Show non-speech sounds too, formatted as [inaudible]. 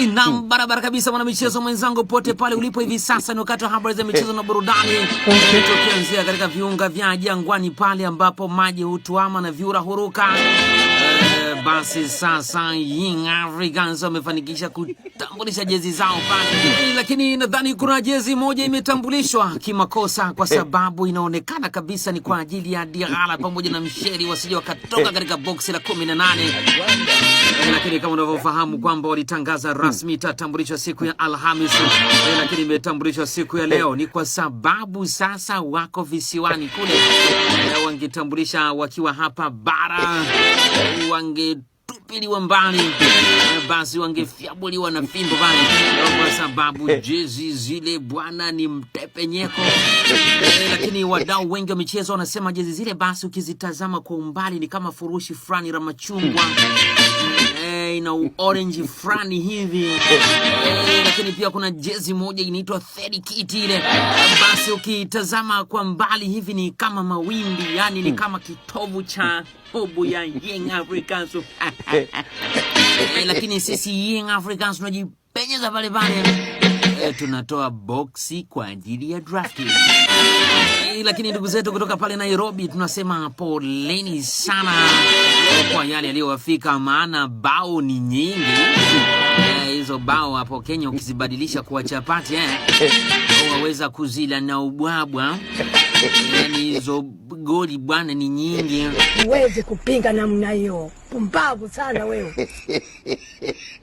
Inam barabara kabisa, mwana michezo mwenzangu, pote pale ulipo hivi sasa, ni wakati wa habari za michezo na burudani, tukianzia katika viunga vya Jangwani pale ambapo maji hutuama na vyura huruka basi sasa Young Africans wamefanikisha kutambulisha jezi zao basi lakini nadhani kuna jezi moja imetambulishwa kimakosa, kwa eh. sababu inaonekana kabisa ni kwa ajili ya diala pamoja na Msheri wasije wakatoka eh. katika boksi la 18 eh, lakini kama unavyofahamu kwamba walitangaza rasmi itatambulishwa siku ya Alhamisi, lakini imetambulishwa siku ya leo. Ni kwa sababu sasa wako visiwani kule. Wangetambulisha wakiwa hapa bara wange usafiri wa mbali, basi wangefyabuliwa na fimbo pale, kwa sababu [laughs] jezi zile bwana ni mtepenyeko. Eh, lakini wadau wengi wa michezo wanasema jezi zile basi ukizitazama kwa umbali ni kama furushi fulani la machungwa ina orange frani hivi lakini pia kuna jezi moja inaitwa Third Kit ile. Basi ukitazama kwa mbali hivi ni kama mawimbi, yani ni hmm. kama kitovu cha hobu ya Young Africans [laughs] eh, lakini sisi Young Africans tunajipenyeza pale pale Eh, eh, tunatoa boksi kwa ajili ya drafti. Eh, lakini ndugu zetu kutoka pale Nairobi tunasema poleni sana kwa yale yaliyowafika, maana bao ni nyingi hizo. Bao hapo Kenya ukizibadilisha kuwa chapati eh, waweza kuzila na ubwabwa. Yani hizo goli bwana ni nyingi, uweze kupinga namna hiyo. Pumbavu sana wewe. [laughs]